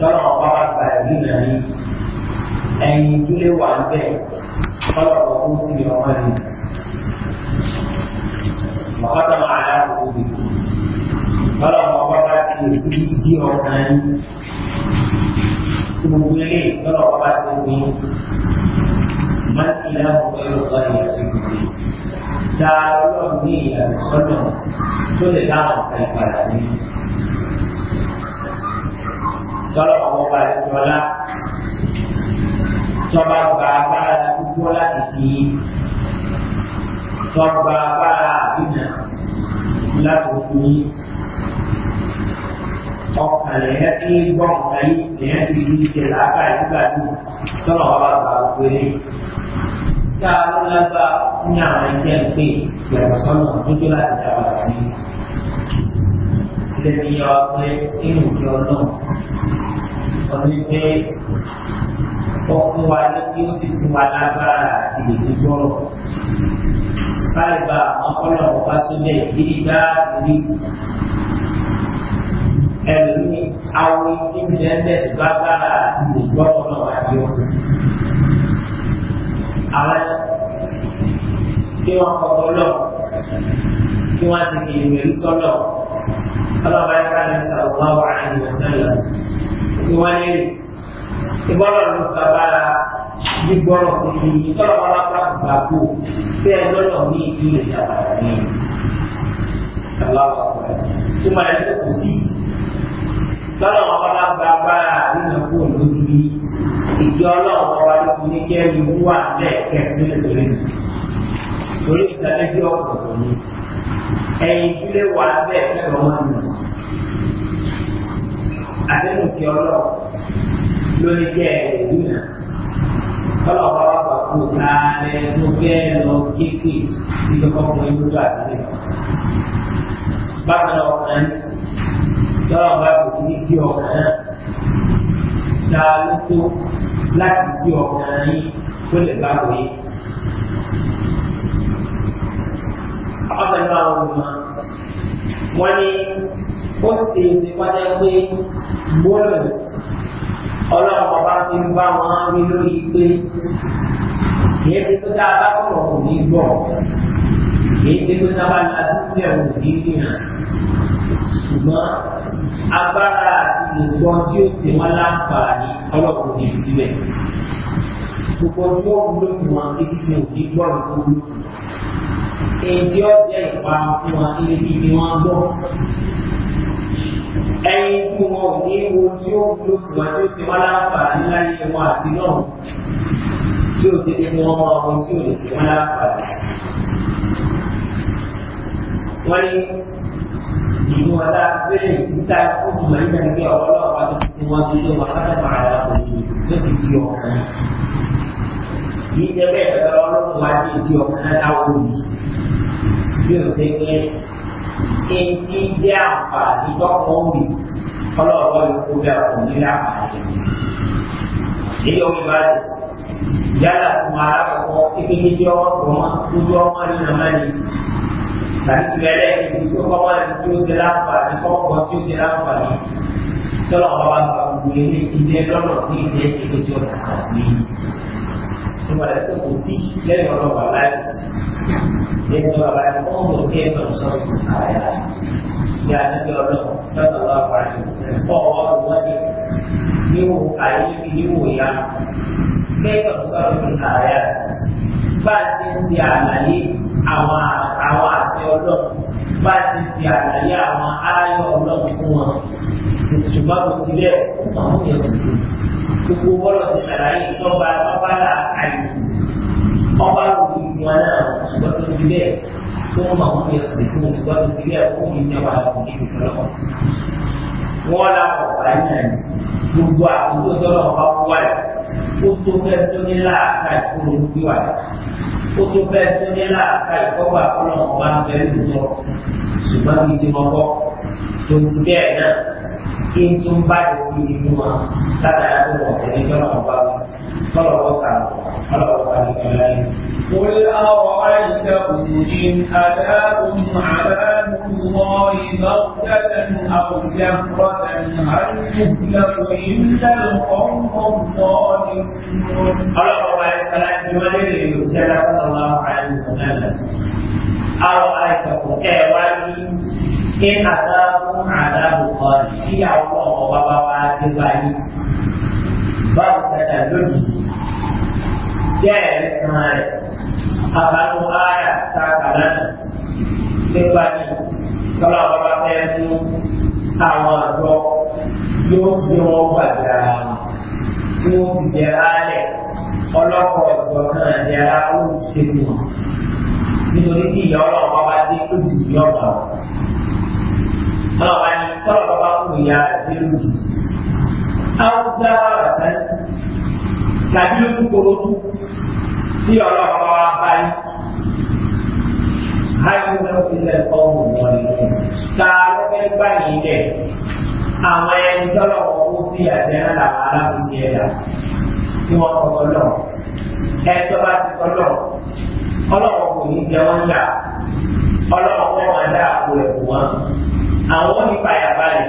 tọ́lọ̀ ọba bá gba ẹ̀mí náà ní ẹ̀yìn ìdílé wà ń bẹ̀ tọ́lọ̀ ọba ó ọmọ ẹ̀mí. Mọ̀kọ́tà máa yá òbí. Tọ́lọ̀ ọba bá ti èkú dí ọ̀kan yín. Gbogbo ilé tọ́lọ̀ ọba ti gbin. من إله غير الله يأتيك به تعالوا أمني إلى السنة كل دعوة كالفاتحين tọ́lọ̀ ọmọ ọba ìjọlá tọ́ba ọba agbára dúdú láti ti tọ́ba agbára àbínà láti òkú yìí ọkàn lẹ́yìn tí ń gbọ́ ọ̀gá yìí lẹ́yìn tí ń ṣe làákà ìgbà yìí tọ́lọ̀ ọba ọba òkèlè tá a ló lágbá ní àwọn ẹgbẹ́ pé ìyàtọ̀ sọ́nà dúdú láti dábàá sí i. Ilé ni inú ìjọ náà wọ́n ní pé ọkùn wa ní tí ó sì fún wa lágbára àti èdè gbọ́rọ̀. Báyìí bá àwọn fọ́lọ̀ ọ̀pá sílẹ̀ ìdí bá rí ẹlòmíì àwọn tí ń jẹ́ ẹ̀sìn lágbára àti èdè gbọ́rọ̀ náà wà ní ọkùn. Àwọn tí wọ́n kọ́kọ́ lọ tí wọ́n ti kì í mẹ́rin sọ́lọ̀ ọlọ́ba ẹ̀ka ní sàlọ́wọ́ ìwọlé ìgbọ́dọ̀ ló gba bára gbígbọ́rọ̀ tuntun ìtọ́lọ̀ ọlọ́pàá gbà kú pé ẹ lọ́dọ̀ ní ìdílé ìjàmbá ní aláwọ̀ tó máa ń kókò sí lọ́dọ̀ ọlọ́pàá gba bára nínú kó lójú ní ìjọ ọlọ́pàá wa ló fi ní kí ẹni wúwà lẹ́ẹ̀kẹ́sì nítorí torí ìtàlẹ́jọ́ ọ̀pọ̀ òní ẹ̀yìn ìdílé wa bẹ́ẹ̀ fẹ́ràn wọn nù àdéhùn sí ọlọ́ọ̀ lórí kẹ́ ẹ̀ ìdúnà ọlọ́ọ̀bá wà bá fún ààrẹ tó fẹ́ lọ kéèké nínú ọkùnrin lójú àtìlẹ́. bákan ọkàn lọ́ọ̀bá kò sí kí ọkàn náà ta ló tó láti sí ọkàn yín kó lè bá wòye. ọ̀sẹ̀ náà wọ́n ní ó sì ṣe pátá pé gbólò ọlọ́run ọba fi ń bá wọn rí lórí pé kìí ṣe tó dáa bá sọ̀rọ̀ kò ní gbọ́ kìí ṣe tó dáa bá la dúpẹ́ òun ní nìyà ṣùgbọ́n agbára àti nǹkan tí ó ṣe wọn láǹfààní ọlọ́run ní sílẹ̀ gbogbo tí ó wúlò fún wọn títí tí ò ní gbọ́ ìlú wúlò èyí tí ó jẹ́ ìparun fún wọn níbi tí wọ́n gbọ́ ẹyin tí wọn ò ní ewu tí ó ló kùmọ̀ tí ó ṣe wá láǹfààní láyé wọn àti náà tí ó ti ní wọn máa wọ sí òde sí wọn láǹfààní. wọ́n ní ìlú ọ̀la bẹ́ẹ̀ níta ó ti máa ń yàn ní ọ̀rọ̀ ọlọ́ọ̀pá tó ti wọ́n ti lé wọn lọ́sẹ̀ máa ra òní ló sì di ọ̀kan. kì í jẹ́ bẹ́ẹ̀ lọ́wọ́ ọlọ́run wá sí ìdí ọ̀kan náà táwọn òbí bí ó ṣe ń ẹni tí ń jẹ́ àǹfààní tọ́kọ̀ òbí ọlọ́ọ̀rọ̀ ikú dá òun ní àǹfààní rẹ̀. Ilé omi bá dùn. Yálà tí mo alákọ̀ọ́kọ́ ibi ní jẹ́ ọ̀dọ́ mọ́ lójú ọmọ ní nàmá ni. Tàbí tí ẹlẹ́ ìdí tó kọ́ mọ́ ẹni tí ó ṣe láǹfààní kọ́kọ́ tí ó ṣe láǹfààní. Tọ́lọ̀ ọba wa gba gbogbo ilé ìjẹ́ lọ́nà ní ìjẹ́ ìpè tí ó kà ní. Ìgbàlẹ́ tó kò sí lẹ́yìn ọlọ́wà láìpẹ́ sí yaitu akan umur kehidupan sosial saya. Dan itu setelah sallallahu alaihi wasallam. Bahwa wadi yu ayi yu ya kehidupan sosial saya. Batin dianai awal awal seorang batin dianai awal ayo orang semua. Cuma tidak, kamu yang sendiri. Kuku bolos di sana itu bapak-bapak ayu ti bẹ́ẹ̀ tó ń máa wọ́n yẹ sùn fún òṣùpá ti bẹ́ẹ̀ kó ní ọba àwọn ìdí ìtọ́lọ́kọ̀. wọ́n lápò àyàn gbogbo àkókò tọ́lọ́ ọba kú wà rẹ̀ ó tó fẹ́ tó ní láàká ìkóró gbé wà ó tó fẹ́ tó ní láàká ìkọ́gbà kọ́lọ́ ọba bẹ́ẹ̀ lóòótọ́ ṣùgbọ́n kì ti mọ́ tó ti bẹ́ẹ̀ náà kí n tún bá ìdí ìdí wọn látara tó wọ̀ tẹ̀lé tọ́lọ́ ọba tọ́lọ́ ọ قل أرأيتكم إن أتاكم عذاب الله بغتة أو جهرة هل يهلك إلا القوم الظالمون؟ قال الله صلى الله عليه وسلم أرأيتكم أيواني إن أتاكم عذاب الله في الله وبابا وعاد البعيد بغتة لجهرة jẹ́ ẹ̀sán rẹ̀ àbánú ara ta kàlá nípa ní tọ́lá wọn bá fẹ́ mú àwọn àjọ yóò fi wọn gbàgbà tí wọ́n ti jẹ́ rálẹ̀ ọlọ́pọ̀ ìjọ kan àti ara ó ń ṣe fún wọn nítorí tí ìyá ọlọ́run bá dé ó ti sì yọ̀ọ̀bà náà wá bá bá ìyá àti èrò jù. Àwọn dáhà tàbí ló kú korojú tí ọlọ́run bá wá báyìí. Háyọ̀mọ́ ilẹ̀ ọ̀hún wọn ni ta ló fẹ́ gbà yín dẹ̀. Àwọn ẹni tọ́lọ̀ wọn ó fi àjẹ́ náà làwọn alábùsí ẹ̀dá tí wọ́n kọ́ tọ́lọ̀. Ẹ̀tọ́ bá ti tọ́lọ̀. Ọlọ́run kò ní jẹ wọ́n yà. Ọlọ́run wọn máa dá àpò rẹ̀ fún wọn. Àwọn onífàyà balẹ̀.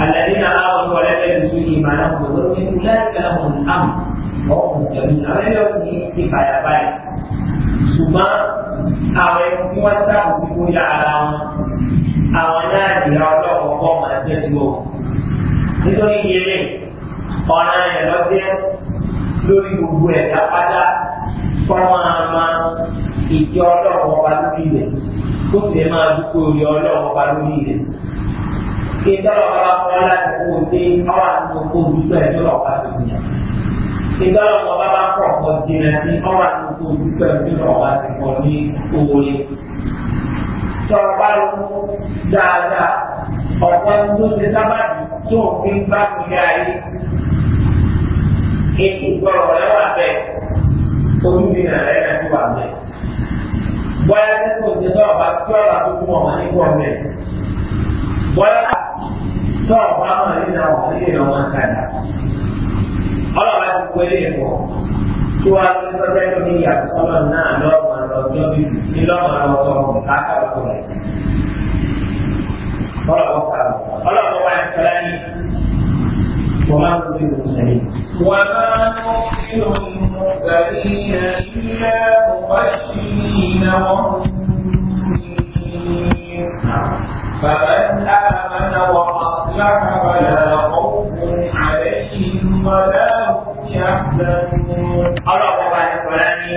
Àlẹ́ nínú àwọn ọlọ́run lẹ́lẹ́ ọkùn jẹ̀bi àwọn ẹlẹ́ òkú ní ìpayà báyìí ṣùgbọ́n àwọn ẹni tí wọ́n sábò sí kó yá ara wọn àwọn náà ìyá ọlọ́wọ́ kọ́ máa jẹ́ ju o nítorí yẹlẹ ọ̀nà ẹ̀rọ jẹ́ lórí gbogbo ẹ̀dá pátá kọ́ máa ma ìjọ ọlọ́wọ́ wa lórí rẹ̀ kó sì lè máa dúpọ̀ orí ọlọ́wọ́ wa lórí rẹ̀ kí n tọ́lọ̀ bá wá fọ́ láti kó o sí ọ́wà tó kó o dúpọ̀ ẹ̀jọ́ lọ́ọ̀ká sí i ìgbàlọ́ wọn bá bá pọ̀ pọ̀ jìnnà ní ọ̀rọ̀ àdúgbò dúpẹ́ nínú ọ̀bá ti pọ̀ ní òòrè. Sọ̀rọ̀ bá ló mú dáadáa ọ̀pọ̀ tó ṣe sábàbí tó fi ń bá kúlẹ̀ ayé. Ètò ìgbọ̀rọ̀ rẹ̀ wà bẹ́ẹ̀, ojú mi nà rẹ̀ náà ti wà bẹ́ẹ̀. Bọ́lá tí kò ṣe sọ̀rọ̀ bá tí ọ̀rọ̀ tó kú ọ̀mọ́ ní pọ̀ bẹ́ẹ̀. Bọ́lá sọ̀rọ̀ bá mọ̀ ọlọ́run láti kó ilé ẹ̀kọ́ tí wọ́n á ti sọ́jọ́ ẹ̀kọ́ ní ìyàtọ̀ sọ́lọ́ náà lọ́ọ̀mọ̀ lọ́jọ́ sí ní lọ́ọ̀mọ̀ lọ́tọ̀ látàkùn rẹ̀. ọlọ́run wà ní kọ́lá ní وما نرسل المرسلين وما نرسل المرسلين إلا مبشرين ومنذرين فمن آمن وأصلح فلا خوف عليهم ولا ọlọ́pàá bá ní kọ́lá ní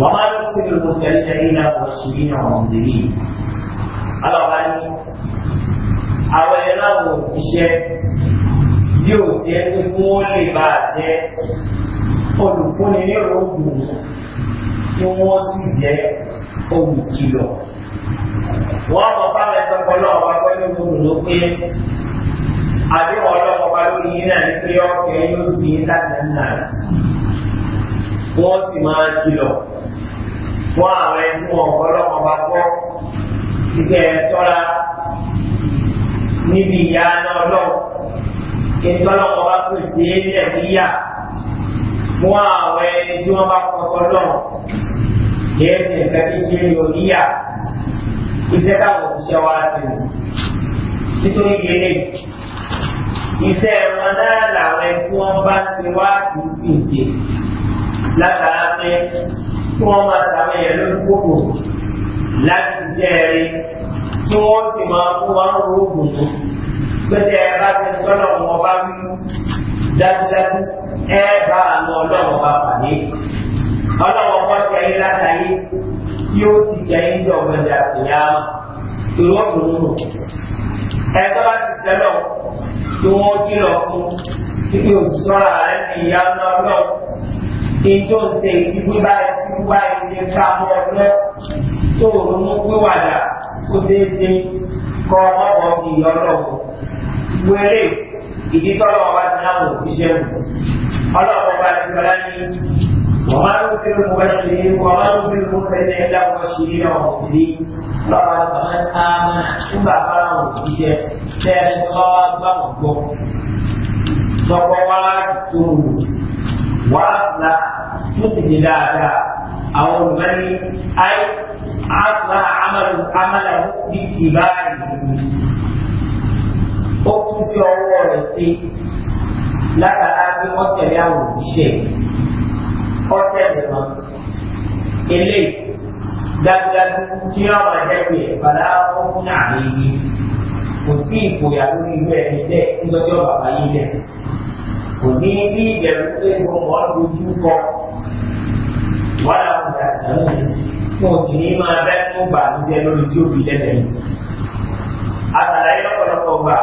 wọ́n máa ló ti lè mọ̀sẹ̀ nítorí náà wọ́n ṣe ní àwọn òǹdèrí. ọlọ́pàá ní àwọn ẹ̀rọ àwọn òṣìṣẹ́ bí ó ṣe ń fún olùfúnni ní rògbòn tí wọ́n sì jẹ́ olùkìlọ̀. wọ́n mọ̀ fáwọn ẹ̀sọ́ pọ̀lọ́ ọ̀pá pẹ̀lú olùlọ́pẹ́ àbí ọlọ́pọ̀ bá lórí yín náà ní pé ọkẹ́ yóò sì ní sáàtì náà wọ́n sì máa kìlọ̀ fún àwọn ẹni tí wọ́n ọlọ́pọ̀ bá gbọ́ ìgbẹ́ tọ́ra níbi ìyá náà lọ ìtọ́lọ́pọ̀ bá pè sí ilẹ̀ níyà fún àwọn ẹni tí wọ́n bá kọ́kọ́ lọ́wọ́ yẹ́n sì ń fẹ́ ṣe ní oníyà iṣẹ́ táwọn òṣìṣẹ́ wa ti nítorí yẹlẹ́ iṣẹ́ wọn náà làwọn ẹni tí wọ́n bá ti wá títí ṣe látara pé kí wọ́n máa tàwọn èèyàn lójú kòkò láti jẹ́ rí kí wọ́n sì máa fún wọn rògùn mú pété ẹ bá ti tọ́lọ̀ wọn bá wí dájúdájú ẹ bá àwọn ọlọ́wọ́ bá pàdé ọlọ́wọ́ bá ti ayé látàyé yóò ti jẹ́ ìjọba ìjà ìyá ìrọ́pù nínú ẹ tó bá ti sẹ́lọ̀ tí wọ́n kìlọ̀ fún kíkí òṣìṣọ́ra rẹ̀ ní ìyá ńlá náà kí tó ń ṣe ìtìkú báyìí tí wọ́n báyìí lè ká mọ́ ọ̀nà tó ronú pínwàdà kó ṣeé ṣe kọ́ ọmọ ti ìyọ́nà wò. Wẹ́rẹ́ ìdí tọ́lọ́ ti náà wò fi ṣe wò. bá ti gbọ́dá ní وما نرسل المبشرين وما نرسل المرسلين الا مبشرين ومنذرين قال فمن امن ثم اخبره بشيء كان خاطا ربه فقواته واصلح مسجد هذا او المني اي اصلح عمل عمله باتباعه ó tún sí ọwọ́ rẹ̀ sí látara pé wọ́n tẹ̀lé àwọn òṣìṣẹ́ ọ̀tẹ̀ ẹ̀dẹ̀mọ́ ilé dájúdájú tí wọ́n máa jẹ́ pé ìpàdà ọ̀hún àmì yìí kò sí ìfòyà lórí ìwé ẹni dẹ́ nígbà tí wọ́n bàbá yìí dẹ́ kò ní sí ìbẹ̀rù pé mo mọ̀ ọ́ lójú kọ wọ́n á kò dà dànù mo sì ní máa bẹ́ẹ̀ tó bà á lórí tí ó fi lẹ́lẹ̀ yìí. àtàlàyé lọ́pọ̀lọpọ̀ gbà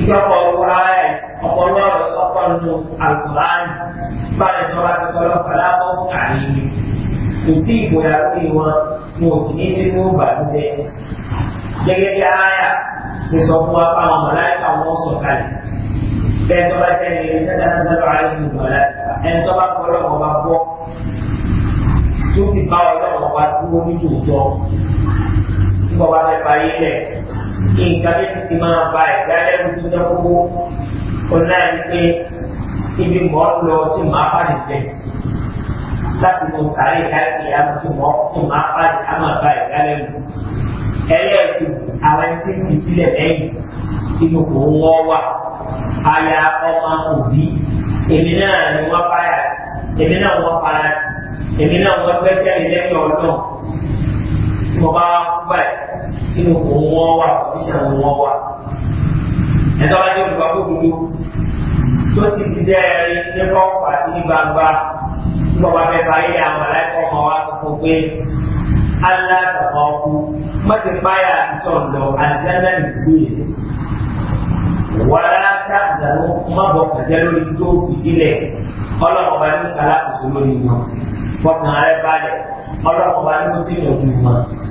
ìgbàpọ̀ ọ̀rọ̀ ayé ọ̀pọ̀lọ́ ọ̀rọ̀ ọ̀pọ̀ nínú alukur'an báyìí tó bá ti sọ̀rọ̀ pàlápọ̀ àríwí. kò sí ìgboyà lórí wọn mo sì ní sínú ìbànújẹ. gẹ́gẹ́ bí ayé ti sọ fún wa fáwọn mọ̀láìkà wọn sọ̀ kalẹ̀. bẹ́ẹ̀ tó bá tẹ̀lé ẹni tẹ́tẹ́ náà sọ̀rọ̀ ayé ní mọ̀láìkà ẹni tó bá kọ́ lọ́wọ́ bá gbọ́ tó sì bá ọlọ́wọ́ wa dúró ní tòótọ́. nígbà wá fẹ́ parí lẹ̀ nǹkan tó ti máa ba ìgbàlẹ́ ojú jẹ́ kókó ọ̀nà ìpè ibi mọ́ lọ tí màá bá lè bẹ̀ láti mo sáré káàkiri àmọ́ tí mọ́ tí màá bá lè àmọ́ ba ìgbàlẹ́ ojú ẹlẹ́ẹ̀kú àwọn tí ń fi sílẹ̀ lẹ́yìn inú kò wọ́n wà aya ọmọ òbí èmi náà ni wọ́n fáyà èmi náà wọ́n fara èmi náà wọ́n gbẹ́sẹ̀ lẹ́yìn ọlọ́run tó bá kú báyìí nínú kò wọ́n wà oníṣẹ́ àwọn wọ́n wà. ẹ̀dọ́ bá jẹ́ olùkọ́ gbogbo tó sì ti jẹ́ ẹ̀rí ní kọ́kọ́ àti ní gbangba tí wọ́n bá fẹ́ parí àwọn aláìkọ́ ọmọ wa sọ fún pé aláàtàkọ́ kú mọ́tì báyà ìtọ̀ lọ àdìgbàdà nìgbò yẹn. wàhálà táàdánù má bọ̀ kàjẹ́ lórí tó fi sílẹ̀ ọlọ́run ní alákòóso lórí wọn. bọ́kàn arẹ balẹ̀ ọlọ́run bá ní ó sì yọ̀ọ́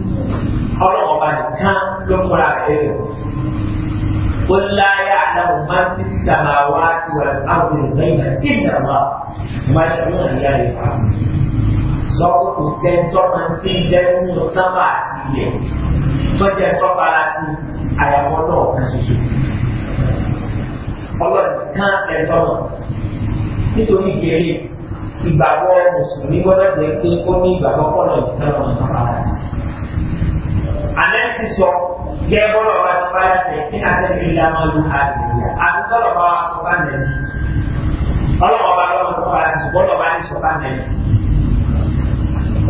ọlọ́wọ́ bá nìkan ló ń fọ́ra rẹ̀ lẹ́yìn. ó láyà àdáwò máa ń fi sàmà wá ti wà láwùjọ lẹ́yìn àti ìdàgbà máa ń ṣàlùwọ̀n àyà rẹ̀ pa. sọ pé kò sẹ́ńtọ́ máa ń tí ń lẹ́nu sábà àti ilẹ̀ tọ́jà tọ́ba láti àyàwó náà kan ṣoṣo. ọlọ́run kan ẹ̀tọ́ náà nítorí ìgbéyìí ìgbàgbọ́ mùsùlùmí gbọ́dọ̀ jẹ́ pé ó ní ìgbàgbọ́ pọ̀ náà nìkan lọ́nà ìfọ̀rọ̀ àti anẹ́sì sọ gẹ́gẹ́ bọ́lọ̀ bá ti bá yàtẹ̀ ní àtẹ́lẹ́ ilé amálu àdìyà àtúntọ́lọ̀ bá wà sọ́kà nẹ̀ẹ́dì ọlọ́wọ́ bá lọ́wọ́ sọ́kà nẹ̀ẹ́dì bọ́lọ̀ bá ní sọ́kà nẹ̀ẹ́dì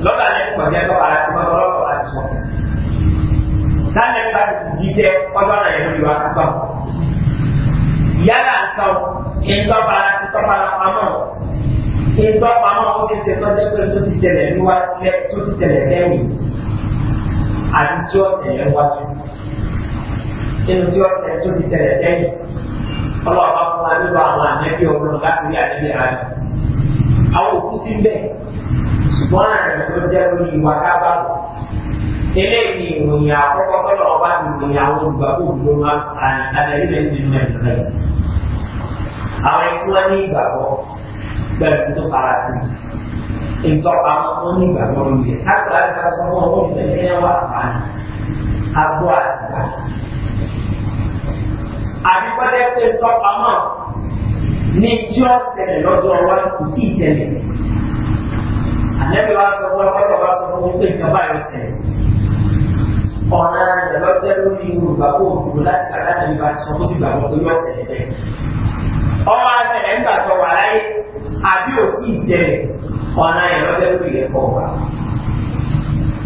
lọ́dà ní kọjá lọ́wọ́ àti mọ́tò ọlọ́wọ́ àti sọ́kà táyà bá ti jí jẹ́ ọjọ́ náà yẹn lórí wa kúkọ́ yálà nǹkan ìtọ́ba ìtọ́ba pamọ́ ìtọ́pamọ́ ó ṣe ṣe tọ́jú pé tó ti ṣẹlẹ̀ níwájú tó ti ṣẹlẹ̀ lẹ́yìn àti tí ó tẹ̀lé wájú nínú tí ó tẹ̀lé tó ti tẹ̀lé lẹ́yìn ọlọ́ọ̀bá fún wa nínú àwọn ànábì ọlọ́run láti rí ànábì ààrẹ àwọn òkú sí bẹ́ẹ̀ ṣùgbọ́n àrùn tó jẹ́ lórí ìwà kábàlù ilé ní ìròyìn àkọ́kọ́ tọ́lọ̀ ọba ní ìròyìn àwọn olùgbàgbọ́ òdúró máa àdàlí lẹ́yìn nínú ẹ̀ lọ́yìn àwọn ẹni tí ní ìgbàgbọ́ pẹ̀lú tó fara sí i ìtọ́ àwọn onígbàgbọ́ lórí ẹ̀. Àgbà àgbà sọ fún ọkọ̀ ìṣẹ̀lẹ̀ ẹ̀ wà fàánì. Àgbọ̀ àgbà. Àdìpẹ́lẹ́ pé tọ́ pamọ́ ní tí ó ṣẹlẹ̀ lọ́jọ́ wa kò tí ì ṣẹlẹ̀. Ànẹ́bí wa sọ fún ọkọ̀ wa sọ fún pé ìjọba yóò ṣẹlẹ̀. Ọ̀nà ìdàlọ́jẹ́ lórí olùgbàgbọ́ òkùnkùn láti kàdáàdì ìbá sọ fún ìgbàgbọ́ pé yóò ṣẹlẹ̀ bẹ́ẹ̀. Ọmọ àtẹ̀lẹ́ ń gbàgbọ́ wà láyé àbí òtí ìjẹ̀lẹ̀ ọ̀nà ìrọ́jẹ́ ló yẹ kọ́ wa.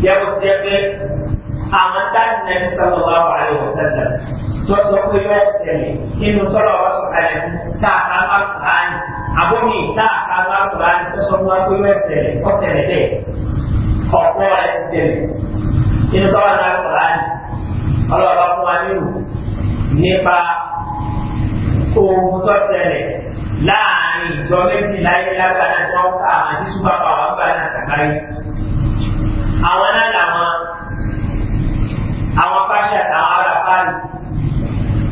Yẹ́wò ti ẹ pé àwọn táàbù náà ti sọ̀rọ̀ wá wà ní ọ̀sẹ̀lẹ̀ tó sọ pé yọ ẹ̀sẹ̀lẹ̀ inú sọ̀rọ̀ wá sọ̀kalẹ̀ táàkà bá kùránì àbómi táàkà bá kùránì tó sọ fún wa pé yọ ẹ̀sẹ̀lẹ̀ ọ̀sẹ̀lẹ̀ dẹ̀ ọ̀pọ̀ ẹ̀sẹ̀lẹ̀ inú sọ̀rọ̀ náà kùránì ọlọ́ọ̀bá fún wa nílùú nípa ohun tó ṣẹlẹ̀ láàrin ìjọ méjì láyé lágbàdá tí wọ́n kà àti súpà pàwọ́ gbàdá sàkáyé. Àwọn náà làwọn àwọn fáṣẹ àtàwọn ará Paris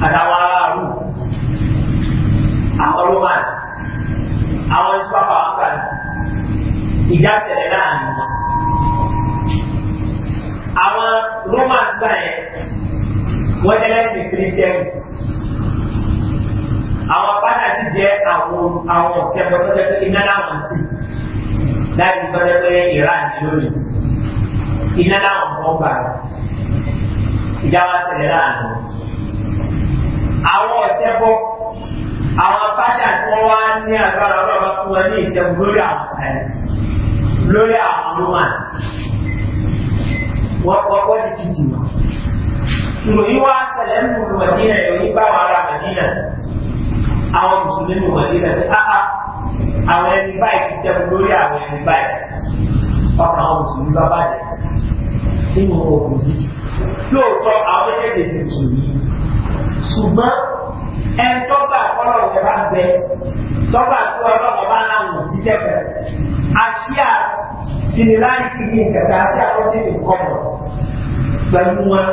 àtàwọn ará Rú àwọn Romans àwọn súpà pàwọ́ gbàdá ìjà tẹ̀lé láàrin wọn. Àwọn Romans gbà wọ́n jẹ́ lẹ́sìn kírísítẹ́nì jẹ́ àwọn àwọn ọ̀sẹ̀ pẹ̀lú pé iná láwọn sí láti tọ́jú pé iran lónìí iná láwọn kan gbà ìjáwá tẹ̀lé láàánú. àwọn ọ̀sẹ̀ bọ́ àwọn apáṣà tí wọ́n wá ní agbára ọlọ́ba fún wọn ní ìṣẹ́gun lórí àwọn ẹ̀ lórí àwọn roman wọ́n kọ́ bọ́ọ̀dì kìtì wọn. ìròyìn wá tẹ̀lé nínú mọ̀dínà ìròyìn bá wọn ara mọ̀dínà àwọn mùsùlùmí ní wọ́n ti rẹ̀ sí áhà àwọn ẹni báyìí ti jẹun lórí àwọn ẹni báyìí ọkàn àwọn mùsùlùmí bá bàjẹ́ nínú ogun yìí lóòótọ́ àwọn ẹgbẹ́ ti mùsùlùmí ṣùgbọ́n ẹni tó gbà kọ́lọ̀ ìjọba bẹ tó gbà tó ọlọ́run bá láwọn òṣìṣẹ́ bẹ̀rẹ̀ àṣìá sinilá ìkíni ìkẹta àṣìá tó ti nìkan mọ̀ gbajúmọ̀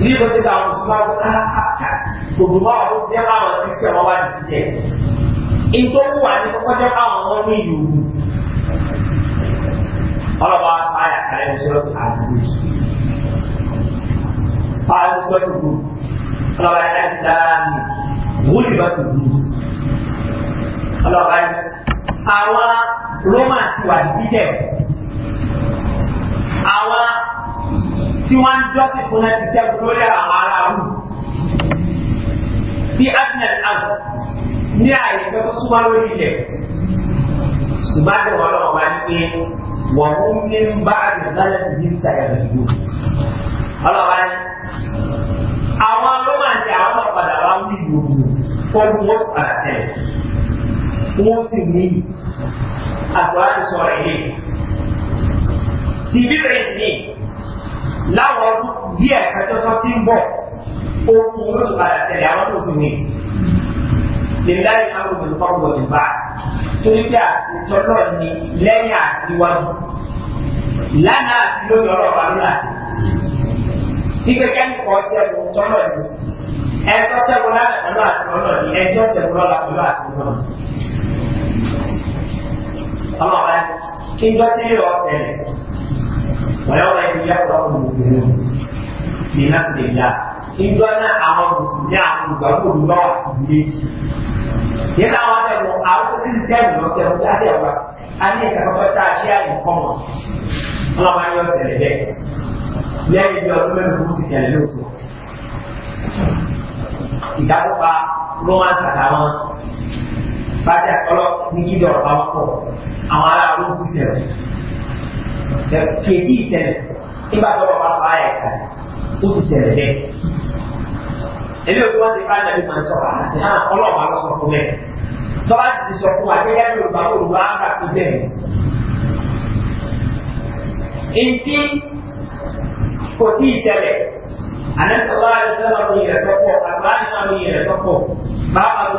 ní ìlú ti ta àwọn mùsùlùmí káàkà òdùmọ̀ àwọn jẹ́ àwọn kristian wọn wá ní ti jẹ́ ètò mú wa ní kọ́kọ́ jẹ́ àwọn wọn ní ìlú ọlọ́ba àyà kàlẹ́ ìṣòro àdúgbò àyà ìṣòro àdúgbò ọlọ́ba àyà ti dára ní wúlì bá ti dùn ọlọ́ba àyà àwọn Roma ti wà ní jíjẹ àwọn tí wọ́n ń jọ́sìn fún ẹ ti sẹ́kù lórí àwọn ará àrùn. Bí Adnan Abu ní àyè tó tó súnmọ́ lórí ilẹ̀, ṣùgbọ́n àti wọn lọ́wọ́ bá ní pé wọ́n mú ní bá àdìsálẹ̀ ti ní sàyẹ̀ lọ́dún. Ọlọ́wà ni àwọn ló máa ń ṣe àwọn náà padà wá ní ìlú ọdún wọn padà tẹ̀lé. Wọ́n sì ní àtúwájú sọ̀rọ̀ ilé. Tìbí rẹ̀ ní láwọn ọdún díẹ̀ kẹtọ́tọ́ tí ń bọ̀ okun ló ti padà tẹ̀lé àwọn tó sì ní lèláyé àwọn olùkọ́ wọlé bá torí pé àtijọ́ náà ni lẹ́yìn àtiwájú lánàá àti lórí ọ̀rọ̀ wa lónà ìgbẹ́kẹ́ nìkan ọ̀sẹ̀ ẹ̀bùn tọ́lọ̀ ni ẹjọ́ tẹ̀wọ́ lánàá pẹ̀lú àtìlọ́lọ́ ni ẹjọ́ tẹ̀wọ́ lọ́la pẹ̀lú àtìlọ́lọ́ ọmọ wa kí n gbọ́ sílé ọ̀sẹ̀ ويومئذ يفرح المؤمنون في نصر الله إن كان أمر مسلمين عن الغرب الله إبليس yana wata mu a wata kristiyan da wasu yahudu a da wasu an yi kasafa ta shiya in common Allah ma yi wasu yalebe ya yi biyu wasu mai rubutu yalebe su ìdájọ́ pa ló máa ń tàkà wọn da ke tí ìṣẹ̀lẹ̀ nígbà tó wọ́n bá sọ ayẹ̀ ká ó sì ṣẹlẹ̀ bẹ́ẹ̀. Ẹbí òkú wá ti bá ẹ̀dẹ̀ máa ń sọ àti hàn ọlọ́ọ̀bá lọ sọ fún bẹ́ẹ̀. Tọ́lá ti ti sọ fún wa pé yáyọ̀ òrùbá òrùbá àgbà fi bẹ́ẹ̀. Ètí kò tí ìṣẹ̀lẹ̀ ànátọ́lá ẹ̀sẹ̀lá mi rẹ̀ tọ́pọ̀ àgbáyé mi rẹ̀ tọ́pọ̀ bá a lọ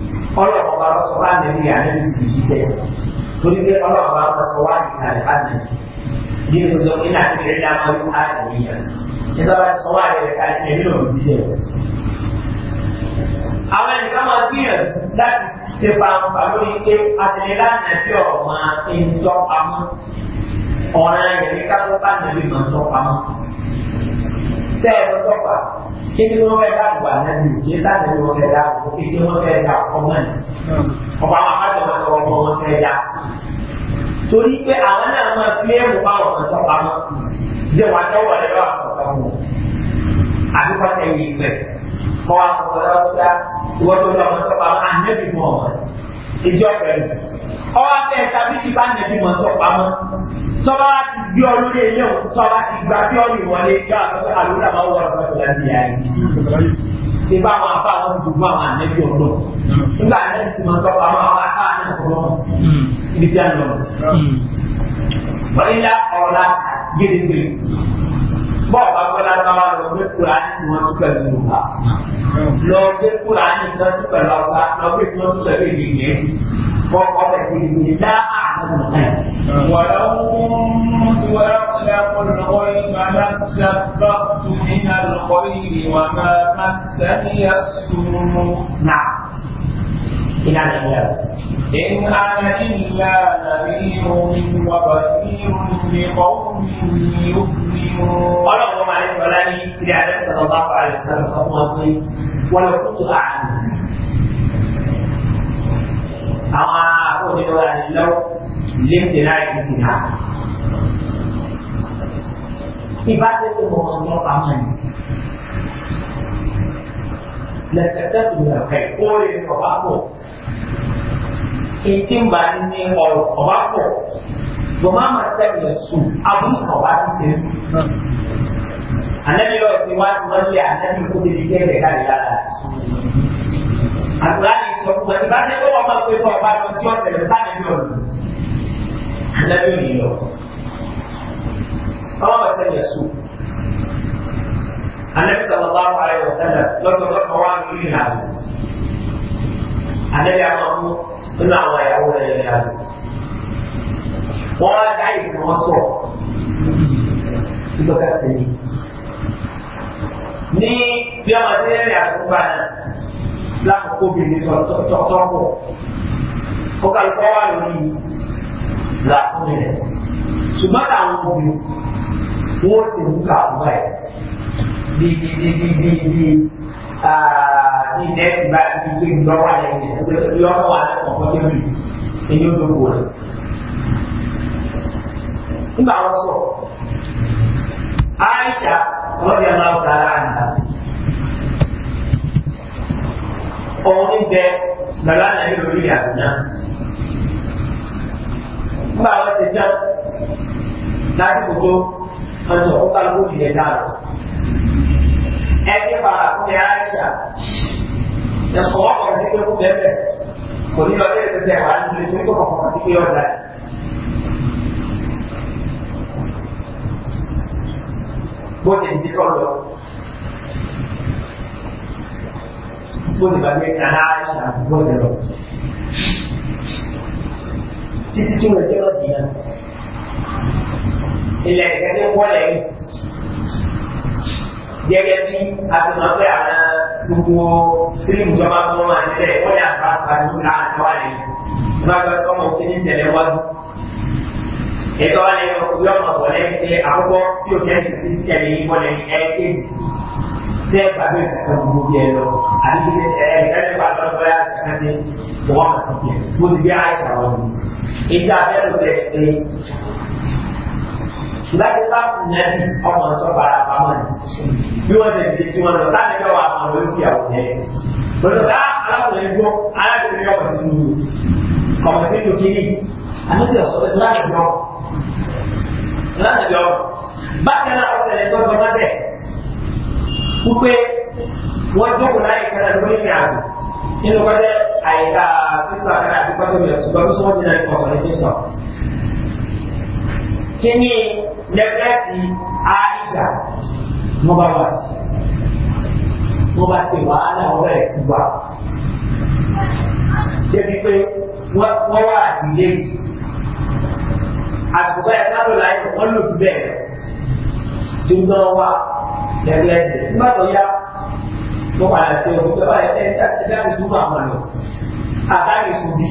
ọlọ́run ọba lọ́sọ̀ wá nẹ́bí àná ti bì í tẹ́ torí pé ọlọ́run ọba lọ́sọ̀ wá nìkan rẹ̀ bá nà ní ìtòsọ ní àti rẹ̀ dáná ní àdàmì yà nígbà bá sọ wá rẹ̀ ká ẹ̀mí lòun ti tẹ̀. àwọn ẹnìkan máa gbìyànjú láti ṣe pàǹpà lórí pé àtìlẹ́lá nàbí ọ̀rọ̀ máa ń tọ́ pamọ́ ọ̀ràn ẹ̀mí ká tó bá nàbí máa tọ́ pamọ́ tẹ́ ẹ lọ́tọ́ pa kí ni wọ́n fẹ́ láàbù ànábì kí láti ní wọ́n fẹ́ láàbù kí ni wọ́n fẹ́ ta ọkọ mọ́ ọba àbájọ máa tọwọ́ ọmọ wọn fẹ́ ya torí pé àwọn náà máa fi ẹ̀mú bá ọ̀kan tọ́ pamọ́ jẹ́ wàá tẹ́wọ̀ ẹ̀ lọ́wọ́ àkọ́kọ́ wọn àbíkọ́ tẹ̀ pẹ̀ kọ́ wa sọ ìwọ́n tó lọ́wọ́ tọ́ba ti gbé ọ lórí ilé òun tọ́ba ti gba tí ọ lè wọlé gbá àtọ́sọ́ àlùdà máa wọ ọ̀rọ̀ tó láti yá yìí. Ṣé bá àwọn àbá àwọn gbogbo àwọn ànẹ́bí ọ̀dọ́? Nígbà náà ti máa tọ́pa àwọn àwọn àtà náà kọ́ lọ́wọ́. Ibi tí a lọ. Wọ́n yá ọ̀la gédégbé. Bọ́ọ̀ bá gbọ́dá báwa lọ gbé kura ní tí wọ́n tún pẹ̀lú Yorùbá. Lọ gbé kura ní tí wọ́n tún pẹ̀lú Ọ̀sá. Lọ gbé tí wọ́n tún pẹ̀lú ìdíje. Bọ́ọ̀ kọ́ ولو كنت أعلم الغيب ما استكبرت من الخير وما مسني السوء نعم إلى أن إن أنا إلا نذير وبشير لقوم يؤمنون قال الله عليه وسلم إذا صلى الله عليه وسلم صلى ولو كنت أعلم أما أقول لو lẹ́tẹ̀rẹ́ ìtìlá. Ìbá tẹ́tẹ̀ mọ ọjọ́ pamọ́ ni. Lẹ́tẹ̀tẹ̀ tó yẹ kẹ́ kóore ní ọba pọ̀. Ìtì ń bá ní ọ̀rọ̀ ọba pọ̀. Bọ̀mọ́ àmà sẹ́yìn ẹ̀sùn, àbúrò ọba ti tẹ̀. Ànábi yóò ṣe wá sí wọ́n lé ànábi kó tẹ̀lé kẹ́kẹ́ káàdì lára. Àgbà ní ìṣọ̀kùnrin, ìbá tẹ́tẹ̀ wọ́n máa pè fún ọba tó tí ọ̀sẹ̀ lọ́sàn-án ní ọ̀rọ̀ na biyu ne yau kama ba sanya su annabi sallallahu alaihi wasallam lokacin da kawo ni ne na zo annabi amma mu ina wa yawo da ne na zo wọ́n á dá ìlú wọn sọ ìgbọ́ká sí ni ní bí ọmọ tí ẹ̀rìn àtúgbà náà lákòókò bìnrin tọ́tọ́ pọ̀ ó kà lọ́wọ́ wà lórí làkúnlẹ̀ rẹ̀ ṣùgbọ́n àwọn obìnrin wọ́n sì ń kà wọ́n ẹ̀ bí bí bí bí bí bí ní nẹ́ẹ̀tì bá ti gbé ìdánwò àyẹ̀wò ẹ̀ lọ́wọ́ wà lẹ́kọ̀ọ́ fọ́jẹ́bì ẹni ó dókòó rẹ̀. nígbà wọn sọ̀rọ̀ aisha ọlọ́dẹ aláwọ̀dá aláàdá ọ̀hún ń bẹ lọ́lá nàìjíríà lórí àdúrà nígbà wọn ti dán lásìkò tó wọn sọ fún kálukú yìí dá lọ. ẹni fara fún yàrá ìṣà ẹ̀kọ́ wọn kàn sí pé kú bẹ́ẹ̀ bẹ́ẹ̀ kò ní lọ́dẹ̀ ìṣẹ̀ṣẹ̀ wà nínú ìṣẹ́ tó kàn kàn sí pé ọ̀dà. bó ti di kọ́ lọ. bó ti bàgbé kàrá ìṣà bó ti lọ títí tí wọ́n jẹ́ mọ́tì náà ilẹ̀ ìkẹ́ni wọlé gẹ́gẹ́ bí asọ̀nàfẹ́ àwọn gbogbo tíri ìjọba tó wọ́n máa tẹ̀lé wọ́n yà bá pàdé láàrin wà lẹ́yìn tó ọmọ òkè ní tẹ̀lé wájú ètò wà lẹ́yìn ọkùnrin lẹ́yìn pé àkọ́kọ́ tí o fẹ́ ti ti tẹ̀lé yìí wọ́n lẹ́yìn tí ẹ gbàgbé ìtàkùn gbogbo bí ẹ lọ àti ẹ̀ẹ́dẹ́gbàgbọ́ ìdí abẹ́rù rẹ̀ pé láti bá nẹ́ẹ̀tì ọmọ tó fara pamọ́ ni bí wọ́n ti di tí wọ́n lọ láti fẹ́ wà àwọn olóyún ìyàwó nẹ́ẹ̀tì lọ́dọ̀ dá alákùnrin gbọ́ alákùnrin ọmọ sí nínú ọmọ sí nínú kiri àníbi ọ̀sọ́ ẹ̀ láti gbọ́ láti gbọ́ bákan náà ọ̀sẹ̀ ẹ̀ tọ́jú ọmọdé wípé wọ́n jókòó láyé kẹta lórí ìrìn àjò nínú kọ́tẹ́ àyíká kristu àkàrà àti kọ́tẹ́ mìíràn ṣùgbọ́n tó sọ́wọ́ ti náà kọ̀ọ̀tọ̀ ní kristu. kí ni nẹ́fẹ̀ẹ́sì aisha mo bá wà sí mo bá ṣe wàhálà wọ́n bẹ̀rẹ̀ sí wa. débi pé wọ́n wá àdìlé àsìkò báyìí sábà láyé wọ́n lò sí bẹ́ẹ̀ tó ń gbọ́ wá nẹ́fẹ̀ẹ́sì nígbà tó yá mo padà sí ọ̀hún pé báyìí ẹ ẹ dábì sùúrù àwọn àlọ́ àtàrí sùúrù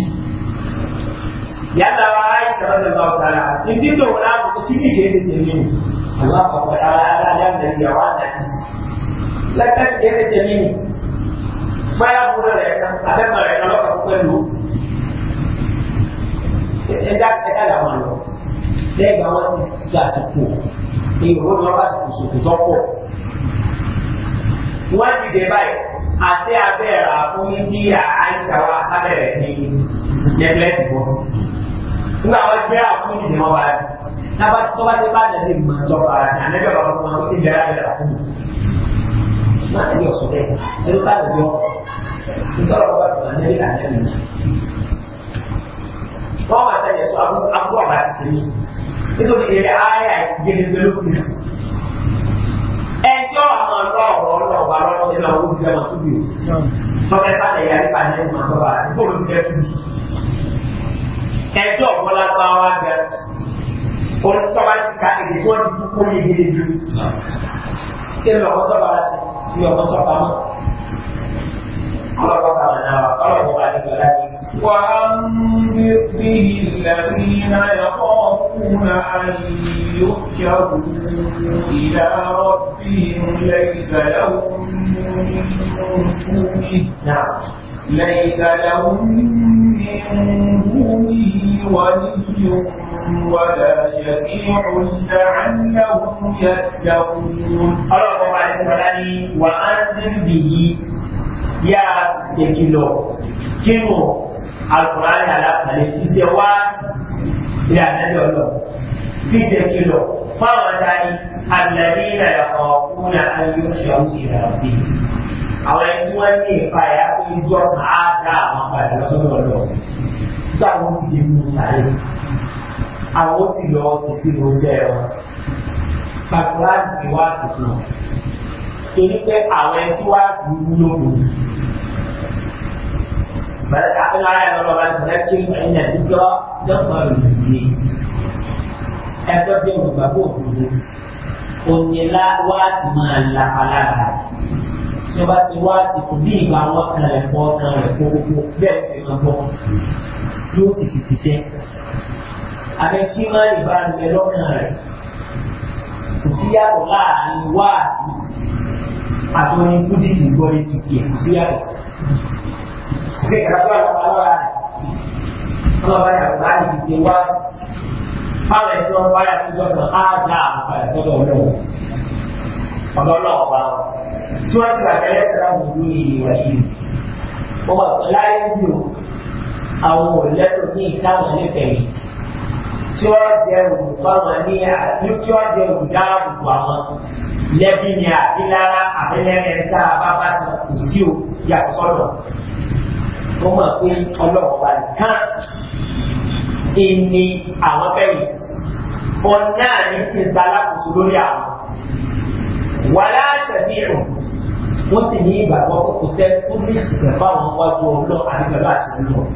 yàtọ̀ àwọn aláìsàn ọ̀dọ̀ ọ̀dọ̀ ọ̀tàrà ní tí lòun láàbù kò tí kìí kéde tèmi o àwọn àpapọ̀ ara ara aláǹdà ti àwọn àdàtì lẹ́tẹ̀ kéde tèmi o báyà búrọ̀ rẹ̀ kan abẹ́mọ̀ rẹ̀ kan lọ́kàn pẹ̀lú ẹ̀dá ẹ̀dá làwọn lọ lẹ́gbàá wọn ti gbà sókò èrò lọ́ba sòkò tó wọ́n ti dé báyìí àti abẹ́rẹ́ àfọmúdíyà àìsàwà abẹ́rẹ́ ní jẹ́blẹ́tì bọ́. nígbà wọ́n gbé àfọmúdì ní wọ́n bá rí nábà tó bá dé bá nàbí mọ̀ tó bá rà ní ànábẹ́ bá fún wọn ó ti bẹ̀rẹ̀ abẹ́rẹ́ àfọmúdì. má ti yọ sọ́dẹ̀ ẹni bá lọ́jọ́ nítorí ọba tó wà nílé àná nìyí. wọ́n máa tẹ̀lé sọ abúlé àbá ti tẹ̀lé nítorí èrè ayé àìgbélé pẹ̀lú kùnà tí ó wà máa lọ ọ̀rọ̀ ọlọ́ọ̀bà lọ́wọ́ nínú àwọn oṣù tẹ́lẹ̀ tó bì. Tọ́kẹ́ sálẹ̀ yàrá ìpà ní ẹ̀gbọ́n tó bá rẹ̀ bóòlù tẹ́ tù. Ẹjọ́ ọ̀pọ̀lá gba wa gẹ. Olùtọ́ba ti ka èdè tí wọ́n ti kú kó yé gidi ju. Ilé ọkọ̀ tọ́ba láti ilé ọkọ̀ tọ́ba mọ́. Ọlọ́pàá sàmì náà wà, ọlọ́pàá وأنذر به الذين يخافون أن يحشروا إلى ربهم ليس لهم من دونه ليس لهم من دونه ولي ولا شفيع لعلهم يتقون. الله عز وجل وأنذر به يا سيكيلو كيمو alukur'an alakale iṣẹ́ wá ilé àtẹ́jọ́ lọ iṣẹ́ kìlọ̀ fáwọn tani alẹ́bí náà ọ̀kú náà ayé ṣọ́wó ìrànlẹ́ àwọn ẹni tí wọ́n ní ìpayà pé ìjọ máa dá àwọn apàdé lọ́sọ́dọ̀ lọ nígbà wọn ti di mú sáré àwọn ó sì lọ sí sínú iṣẹ́ wọn pàtàkì wá sí fún un torí àwọn ẹni tí wá sí wúlò فلتعقل على أن الله تذكر فإن الذكرى تنفع المسلمين ẹgbẹ́ bí ọmọ bàbá òdodo onílá wáàtí máa la alára tí wọ́n ti wáàtí kò ní ìgbà wọn kan rẹ̀ pọ̀ kan rẹ̀ pọ̀ gbogbo bẹ́ẹ̀ ti máa bọ̀ yóò sì fi ṣiṣẹ́ abẹ́ tí máa lè bá rẹ̀ lọ́kàn rẹ̀ kò sí yàtọ̀ láàrin wáàtí àti orin kúdìtì gbọ́dẹ̀ tuntun kò sí yàtọ̀ zai karatu al'amara ne kuma baya al'amari da ke wasu fara yi tuwon baya su zo kan ada amfani ta da wani ọmọ náà wà tí wọn ti bàtà lẹsẹ láwọn ìlú ìwà yìí wọn wà pẹ̀lú ayé bí o àwọn òlẹ́tò ní ìtàwọn nífẹ̀ẹ́ yìí tí wọn jẹ olùfọwọn ní àdúgbò tí wọn jẹ olùdáàbòbò àwọn lẹ́bí ni àbílára àbílẹ́rẹ́ tá a bá bá kù sí o yàtọ̀ sọ́dọ̀ kó mọ̀ pé ọlọ́run wà nìkan ìní àwọn fẹ́yìn òun náà ní ti ń gba alákòóso lórí àwọn wàlá ṣẹ̀fíìrùn wọ́n sì ní ìgbàgbọ́ kókò tẹ́ kó ní ìsìnkẹ̀ fáwọn ọjọ́ ọlọ́run àti pẹ̀lú àti ọlọ́run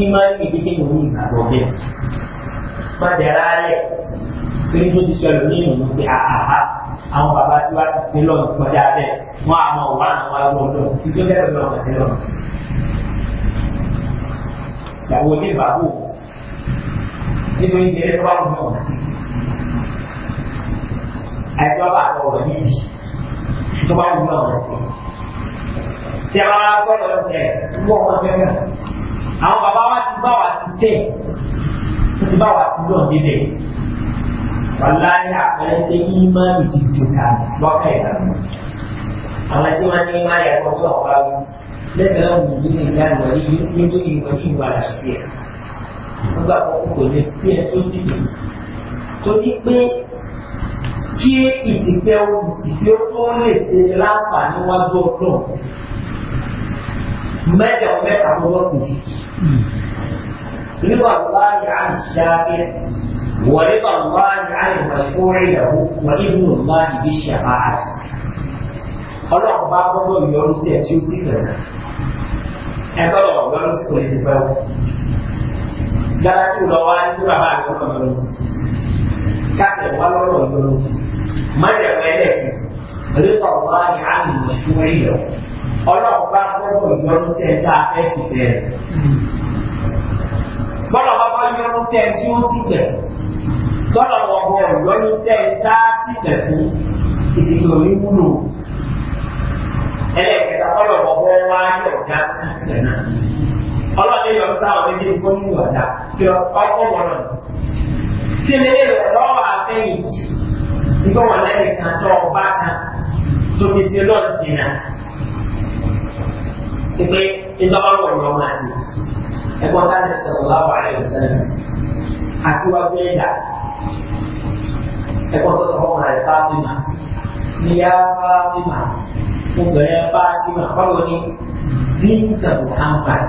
ìmọ̀ ìdíje ní orí ìgbàgbọ́ bẹ́ẹ̀ má dẹ̀ra rẹ̀ pé ní tó ti sọ ẹ̀rọ ní pé àhàhà àwọn bàbá tí wàá ti ṣe lọ́nà kọjá bẹ́ẹ̀ wọ́n á máa wà àwọn àwọn ọ̀dọ́ ìjọ bẹ́ẹ̀ lọ́nà ọ̀sẹ̀ lọ́nà. ìyàwó ilé bàbá òun nítorí ilé ẹ̀rọ wà lọ́nà ọ̀sẹ̀. àìsàn bá àtọ̀ ọ̀rọ̀ níbi tó bá lọ́nà ọ̀sẹ̀. tí a bá wá sọ̀rọ̀ wọ́n wọn fẹ́ràn. àwọn bàbá wa ti bá wa ti tẹ̀ wọ́n ti bá wa ti lọ́ọ̀ wallahi a ƙarancin imani jijjita ba kai da amma ya kwaso a babu da ta ran mu yin da wani yin yi wani wa da shi ko ba ko ko ne ti e to si bi to ní pé kí ìsìnkẹ́ olùsìnkẹ́ tó lè ṣe láǹfààní wájú ọdún mẹ́jọ mẹ́ta ló wọ́n kù sí. nígbà wáyé عنده وابن الله بالشفاعة ọlọ́run bá gbọ́dọ̀ yọrù sí ẹ̀ tí ó sì bẹ̀rẹ̀ sí kò lè ti tí lọ wá bàbá ọkọ̀ sí káàkiri wá lọ́rọ̀ sí ọlọ́run bá gbọ́dọ̀ yọrù sí ẹ̀ tá a fẹ́ tọ́lọ̀ ọ̀bọ̀ ìyọnu sẹ́ńtà sílẹ̀ fún ìsìnkú oníwúlò ẹlẹ́kẹta tọ́lọ̀ ọ̀bọ̀ wá ní ọ̀dà sílẹ̀ náà ọlọ́ọ̀dẹ yọ sáà méjì tó ní ọ̀dà kí ọkọ̀ wọn náà tí ilé rẹ̀ lọ́wọ́ àfẹ́yìn nígbà wọn lẹ́yìn kan tó ọba kan tó ti ṣe lọ́ọ̀ jìnnà pípé ìtọ́lọ́wọ̀ ni wọ́n máa ṣe ẹ̀kọ́ tá a lè sọ̀rọ̀ láwọ̀ àyẹ̀wò sẹ́yìn àtiwájú ẹ̀dá ẹ̀kọ́ tó sọ ọmọ rẹ̀ fátima níyà fátima obìnrin fátima báwo ni bíńtà muhammad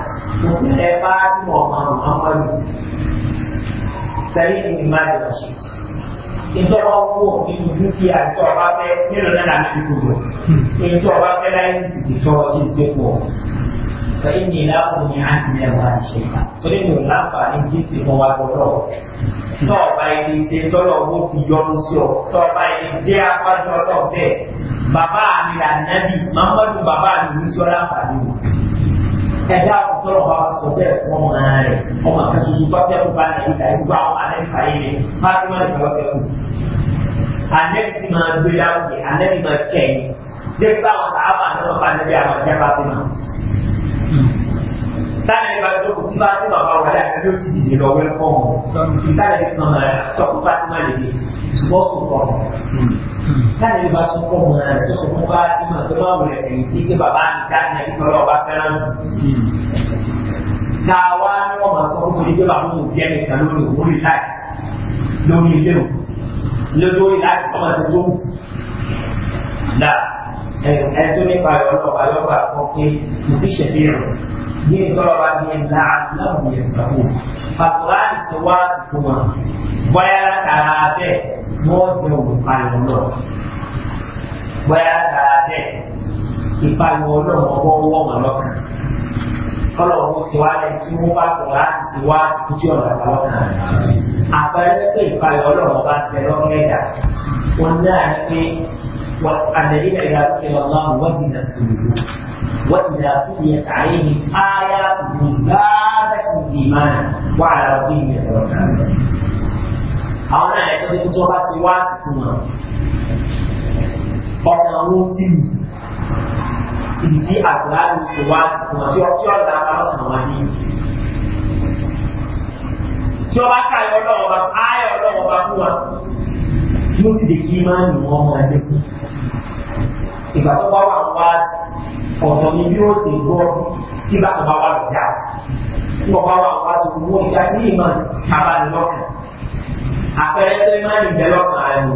obìnrin fátima ọmọ muhammad sẹ́yìn ní ìmáàlì ọ̀ṣẹ́ ìjọba owó nínú dúkìá ìjọba fẹ́ nínú náírà ní gbogbo ìjọba fẹ́ láyé tètè tọ́ فإني لا أغني عنك من الله شيئا torí mi ò láǹfààní tí sì mọ wa lọ́rọ̀ tọ́ ọba ilé ṣe tọ́lọ̀ owó ti yọnu sí ọ tọ́ ọba ilé jẹ́ apájọ ọlọ́ bẹ́ẹ̀ bàbá mi là nábì mamadu bàbá mi ní sí ọlá àǹfààní mi. ẹ̀dá àkùtọ́ ọba wa sọ bẹ́ẹ̀ fún ọmọ náà rẹ̀ ọmọ kan ṣoṣo tó ṣẹ́kù bá nàìjíríà ìgbà ìgbà àwọn anẹ́fà yìí ni fátímà nìkan ṣẹ́kù. anẹ́bí ti máa gbé láwùjẹ anẹ́bí máa kẹ́yìn dé táyà bá tó kù tí bá tó bàbá wà láti bí ó sì dìde lọ wẹ́n kọ́ ọ́n táyà bí kan máa tọ́kù fatima lè dé ṣùgbọ́n sùn kọ́ táyà bá sùn kọ́ mọ́ ẹ̀ tó sùn kọ́ fatima tó máa wọlé ẹ̀yìn tí pé bàbá mi dáná ẹ̀ nítorí ọba fẹ́ràn jù. káwa ni wọ́n máa sọ fún mi pé bàbá mi jẹ́ nìkan lórí òwúrì láì lórí ilé o lórí láti ọmọ ti tó wù ẹtú nípa ìrọ̀lọ́wọ́ ayọ́wà ọ̀pẹ́ ìfòsíṣẹ́ bí rẹ̀ ní ìtọ́lọ́wà ní ẹ̀dá aláwọ̀ ìyẹ̀sàwò pàtàkì àti wá àsìkò wọn bọ́yá tààrà bẹ́ẹ̀ wọ́n jẹ olùpayọ̀ lọ bọ́yá tààrà bẹ́ẹ̀ ìpayọ̀ ọlọ́run ọwọ́ wọ́n wọn lọ́kàn kọ́lọ̀ owó tiwa lẹ́yìn tí wọ́n bá tọ̀ láti tiwa ojú ọ̀nà àtàwọn kan. àpẹẹrẹ pé ìpayọ̀ ọlọ́run bá tẹ lọ́rùn ẹ̀dá wọn náà ní pé àdàlí ẹ̀dá kẹlẹ̀ ọlọ́run wọ́n ti nà tòlù wọ́n ti nà tòlù yẹn sàárè ní áyá tòlù záàbẹ̀sì ìmáà wà á lọ bí ìyẹn sọ̀rọ̀ kan. àwọn náà ẹ̀jẹ̀ tó ti kú tó bá ti wá àsìkò wọn ọ̀nà wọn sì ibi tí àgbà ti wá ìwọ̀n tí ọtí ọ̀la àwọn ọ̀sán wá ní. tí ọba ká ẹ ọlọ́wọ́ bá ayé ọlọ́wọ́ bá fún wa yóò sì lè kí máa nù wọ́n máa lékún. ìgbà tó bá wà wá ọ̀tọ̀ ni bí ó sì gbọ́ tí bá bá wà jà tí ọba wà wá sọ̀rọ̀ wọ́n ìgbà ní ìmọ̀ kábà ní lọ́kàn. àpẹẹrẹ tẹ́lẹ̀ máa ń jẹ lọ́kàn rẹ̀ nù.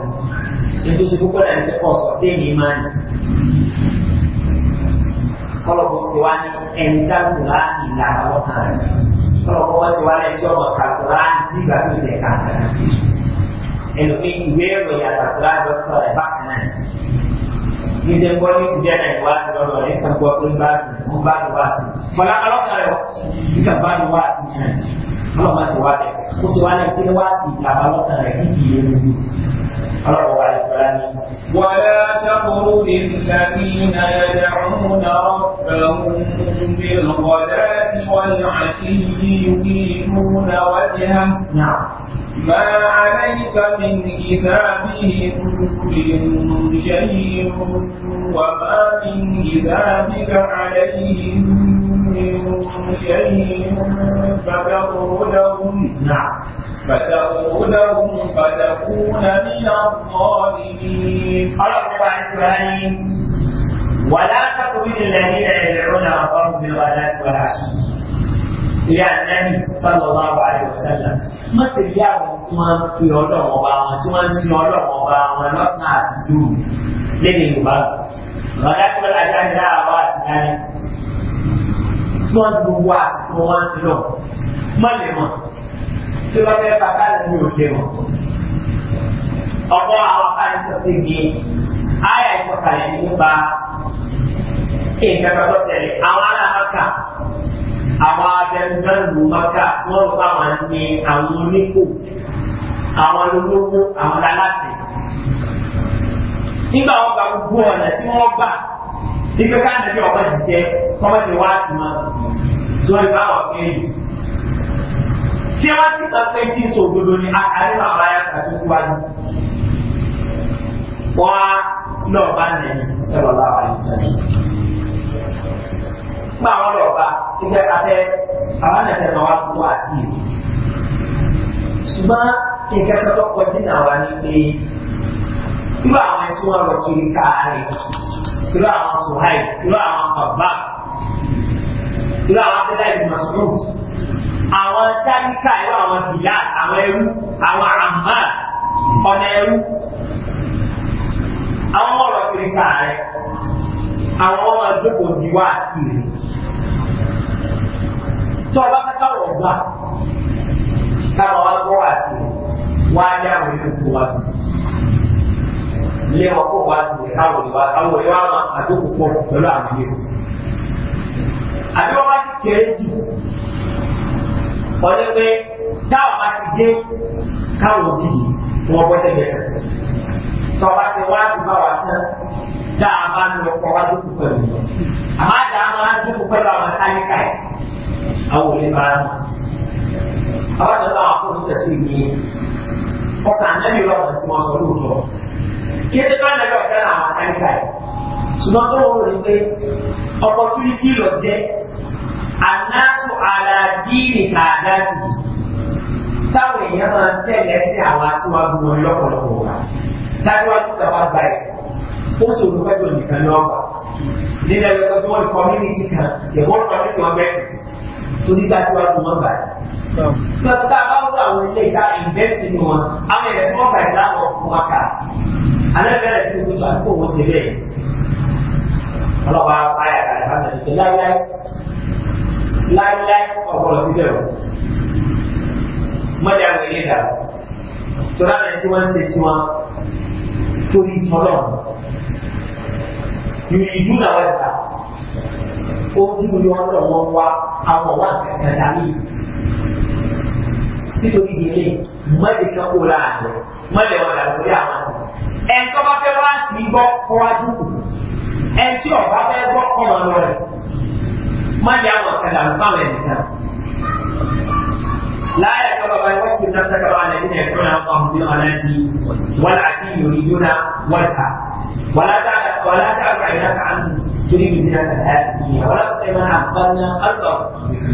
ètò ìṣèkókò náà ń tẹ́kọ̀ sọ̀ kọlọ̀kù síwá ní ẹ̀ńdá kùránì lára ọ̀kan rẹ̀ kọlọ̀kù wọ́n síwá lẹ́jọ́ ọ̀kà kùránì nígbà tó ṣe kàkà ẹlòmíì ìwé ìròyìn àtàkùrá dọ́kítọ̀ rẹ̀ bákan náà níṣẹ́ gbọ́ ní ìṣúdí ẹ̀dá ìwá sí lọ́dọ̀ rẹ̀ nígbà gbọ́ pé ń bá dùn ń bá dùn wá sí fọlá ọlọ́kàn rẹ̀ nígbà bá dùn wá sí ọlọ́run máa ti wá bẹ̀ ó sì wá lẹ́yìn tí wá sí làbálọ́kàn rẹ̀ kí sì yé lórí ọlọ́run wà lẹ́yìn tọ́lá ní. ولا تطرد الذين يدعون ربهم بالغداة والعشي يريدون وجهه نعم ما عليك من حسابهم من شيء وما من حسابك عليهم من شيء فتغرلهم نعم فتغرلهم فتكون من الظالمين قال إبراهيم ولا تطرد الذين يدعون ربهم بالغداة والعشي ìrẹ́ àtẹ́ni sálọ́lá àbáyé ọ̀sẹ̀lẹ̀ má ti rí àwọn tí wọ́n ń fi ọlọ́run ọba wọn tí wọ́n ń sin ọlọ́run ọba wọn lọ́sàn àti lóru léde yorùbá bàdá tí wọ́n láti láti láàárọ̀ àti lálẹ́ tí wọ́n ti gbogbo àsìkò wọn ti lọ má lè mọ̀ tí wọ́n fẹ́ bàbá rẹ̀ ní òde mọ̀ ọ̀pọ̀ àwọn akáyọ̀ sí ni àyà ìṣọ̀kalẹ̀ nípa nǹkan tó tẹ̀lé àwọn abẹnugbẹ́lu mọ́kà tí wọ́n rò fáwọn ní àwọn oníkò àwọn olóko àwọn aláṣẹ. nígbà wọn gba gbogbo ọ̀nà tí wọ́n gbà ife káàdì bí ọ̀pọ̀ jíjẹ kọ́mọ́ ti wá sí wọn tí wọ́n bá wọn fẹ́ yìí. tí wọ́n ti sọ pé tí ìṣò òdodo ni àkàrí náà wáyà àti síwájú. wọ́n á lọ́ọ̀ bá nàìjíríà sọ̀rọ̀ láwàá yìí sẹ́yìn gba àwọn ọlọ́ọ̀ba tí kẹ́ abẹ́ àwọn nàfẹ́ máa wá fún wa sí i. ṣùgbọ́n kíkẹ́ tọ́tọ́ kọjú náà wá ní pé irú àwọn tí wọ́n lọ kiri káàárẹ̀ irú àwọn sùháì irú àwọn kọ̀ọ̀bá irú àwọn abẹ́lẹ́ ìgbìmọ̀ sùúrù àwọn táyíkà irú àwọn bìlá àwọn ẹrú àwọn àmà ọ̀nà ẹrú àwọn ọmọ káàárẹ̀ àwọn ọmọ ìjókòó ìwà àti ìrìn tó ọba kẹta wọ̀ gbà káwọn wá gbọ́ àti wá ní àwọn ìlú kó wá dùn. ilé wọn kó wá dùn káwọn ìwà káwọn ìwà máa àdókò pọ̀ pẹ̀lú àwọn ilé. àbíwọ́n bá ti kéré jù ọ̀dẹ́ pé táwọn bá ti dé káwọn òjijì wọn bọ́ sẹ́gbẹ̀ẹ́ kan. tọ́ba ti wá sí bá wa tán tá a bá lọ kọ́ wá dókò pẹ̀lú wọn. àmọ́ dókò pẹ̀lú àwọn sáyẹ́ká yìí àwọn òní bá rà àwọn àjọba àkókò ní tẹ̀sí ní ọkà nẹ́bí lọ́wọ́ tí wọ́n sọ lóòótọ́ kí ẹni bá nẹ́bí ọ̀fẹ́ náà opportunity káńkà yìí ṣùgbọ́n tó wọ́n rí pé opportunity lọ jẹ́ anáàtò aládìrí sàdáàtì táwọn èèyàn máa tẹ̀lé sí àwọn àtiwájú wọn lọ́pọ̀lọpọ̀ wa tájúwájú tàwa gba ẹ̀ ó sì olùkọ́jọ nìkan lọ́wọ́ nílẹ̀ ẹ̀kọ́ tí wọ́n ní community kan ìwọ́n community wọn bẹ́ẹ̀ torí dájúwá ni wọ́n gbà. Lọ́tà bá wúlò àwọn ilé ìta ìnvẹ́tì ni wọn, àwọn ẹ̀rẹ́ tí wọ́n gbà ìlà wọn fún wa kà. Alẹ́bẹ̀rẹ̀ tí gbogbo àdúgbò wọn ṣe bẹ́ẹ̀. Ọlọ́wọ́ ayà kàlẹ́ bá tẹ̀lé tẹ̀ láíláí. Láíláí ọ̀pọ̀lọ̀ síbẹ̀ o. Mọ́jà àwọn ilé dà. Tọ́lá rẹ̀ tí wọ́n ń ṣe tí wọ́n torí tọ́lọ̀. Yorùbá náà wẹ̀ ojú yọ ọ̀dọ̀ wọn wá àwọn wà kankan dání nítorí ìdílé mọ́lẹ̀ kan kó láàrin mọ́lẹ̀ wọn dàgbò ní àwọn àti ẹ̀ńtọ́ bá fẹ́ wá sí gbọ́ kọ́wájú kù ẹ̀ńtí ọ̀bá fẹ́ gbọ́ kọ́mọ lọ rẹ̀ mọ́lẹ̀ àwọn kan dàgbò fáwọn ẹ̀nìkan láyé kọ́ bàbá ẹ̀kọ́ kì í náà sẹ́kọ̀ọ́ alẹ́ nínú ẹ̀kọ́ náà wọ́n mú bí wọn láti ولا تعرف ولا تعرف عيناك عنه تريد زينة الحياة ولا تطع من أغفلنا قلبه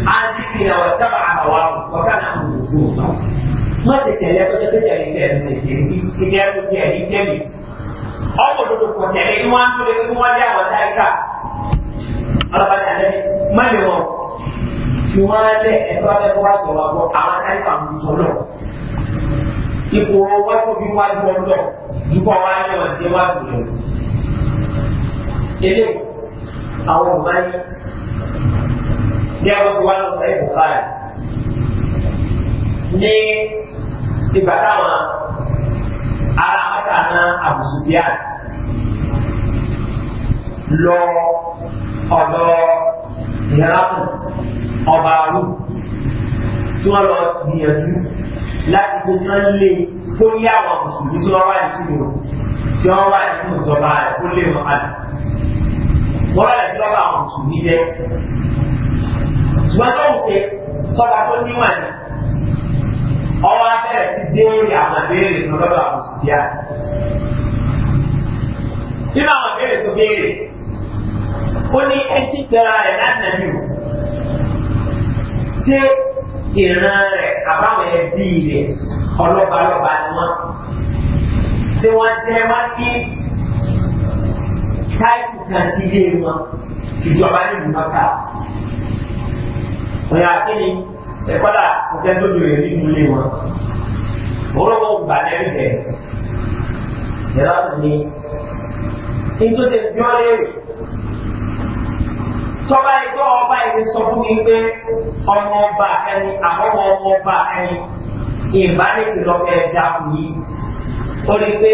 عن ذكرنا واتبع هواه وكان أمره مسلوبا ما تتعلم تتجاهل تتجاهل تتجاهل تتجاهل تتجاهل ọkọ dodo أو tẹlẹ inú wa tó lé inú wa dé àwọn táyì ما ọlọpàá ní alẹ má lè wọn fi wọn lẹ ipò ọwọ́ tó fi wá ju ọjọ́ dúpọ̀ wá ní wọn sí wá jù lọ. Ilé àwọn ọ̀gá yìí ní àwọn tó wá lọ sọ ìbò báyìí. Ní ìgbà táwọn ará mẹ́ta náà àbùsùbíà lọ ọ̀dọ̀ ìyára ọba rúù tí wọ́n lọ gbìyànjú láti kó tán lé kó yá àwọn mùsùlùmí tí wọ́n wà ní tìlú tí wọ́n wà nínú ìjọba rẹ̀ kó lé wọn kalẹ̀. wọ́n lọ sí lọ́ba àwọn mùsùlùmí jẹ́. ṣùgbọ́n tó ń ṣe sọ́ba tó níwọ̀n ni ọwọ́ abẹ́rẹ́ ti déèrè àwọn abẹ́rẹ́ tó lọ́ba àwọn mùsùlùmí à. nínú àwọn abẹ́rẹ́ tó béèrè ó ní ẹtí tẹ́ra rẹ̀ láti nàbí o ìran rẹ̀ àbáwọn ẹbí rẹ̀ ọlọ́balọ́ba ni wọ́n. Ṣé wọ́n jẹ́ wá sí táìpù kan ti dé wọn ìjọba nílùú mọ́ta? Òyà kíni ẹ̀kọ́dà kò fẹ́ tó lóye nínú ilé wọn. Òróró gbà lẹ́rìí jẹ. Ìyá ni nítorí bí wọ́n lérè tọ́ba ẹgbẹ́ ọba ẹgbẹ́ sọ fún mi pé ọmọ ọba ẹni àbọ̀wọ̀ ọmọ ọba ẹni ìbálòpọ̀ lọ́kẹ́ ẹja fún yìí ó lè pé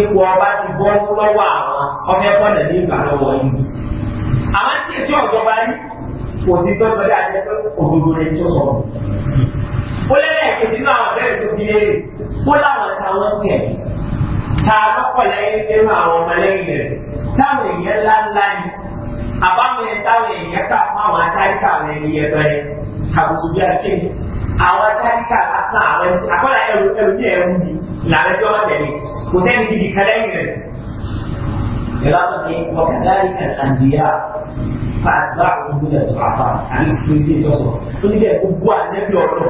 ipò ọba ti bọ́ lọ́wọ́ àwọn ọmọ ẹ̀kọ́ náà ní ìgbà lọ́wọ́ yìí. àwọn tí ètò ọ̀jọba yìí kò sí tó lọ́dẹ àti ẹgbẹ́ òdodo rẹ̀ tó sọ. ó lẹ́yìn ẹ̀kọ́ sínú àwọn ọ̀gẹ́rẹ́ tó bí léèrè kó láwọn táwọn tẹ̀ ta lọ́kọ̀ lẹ́yìn nínú àwọn ọmọ lẹ́yìn rẹ̀ táwọn èèyàn ńláńlá yìí àbáwọn ẹ̀ta lè yẹ ká fún àwọn atáríkà rẹ̀ ní ẹ̀bẹ̀ àbùsùn bí ake àwọn atáríkà lásán àwọn ẹ̀sìn àkọ́lá ẹ̀rù ẹ̀rù ní ẹ̀rù mi làwọn ẹjọ́ tẹ̀lé kò sẹ́ni gidi kẹlẹ́yìn rẹ̀. ìlà sọ pé ọ̀kadàrí kàlàndìyà fàgbà òun lè sọ àfà àbí kìí ṣe ìjọsọ ó ní bẹ́ẹ̀ gbogbo ànẹ́bí ọ̀dọ́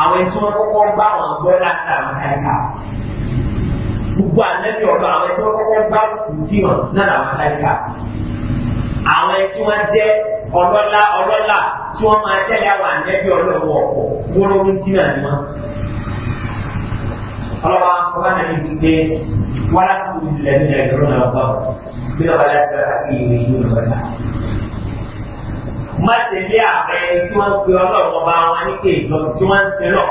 àwọn ẹ̀tí wọn kọ́kọ́ bá wọn gbọ́ láti àwọn káríkà gbogbo ànẹ́bí ọ̀dọ́ àwọn ẹ̀tí wọn kọ́kọ́ bá kùtì wọn láti àwọn káríkà àwọn tí wọ́n jẹ́ ọlọ́lá ọlọ́lá tí wọ́n máa tẹ́lẹ̀ àwọn ànẹ́bí ọlọ́wọ́ ọ̀pọ̀ wóró ń dín náà ni wọ́n. ọlọ́wọ́ ọba náà ní gbígbé wàhálà tó ń lẹ̀ ní ẹ̀dọ́rọ̀ náà bá bí wọ́n bá dá sí ara sí ìwé ìlú ọ̀la. má tẹ̀lé àbẹ tí wọ́n pe ọlọ́run ọba wọn ní pé ìjọsìn tí wọ́n ń sin lọ.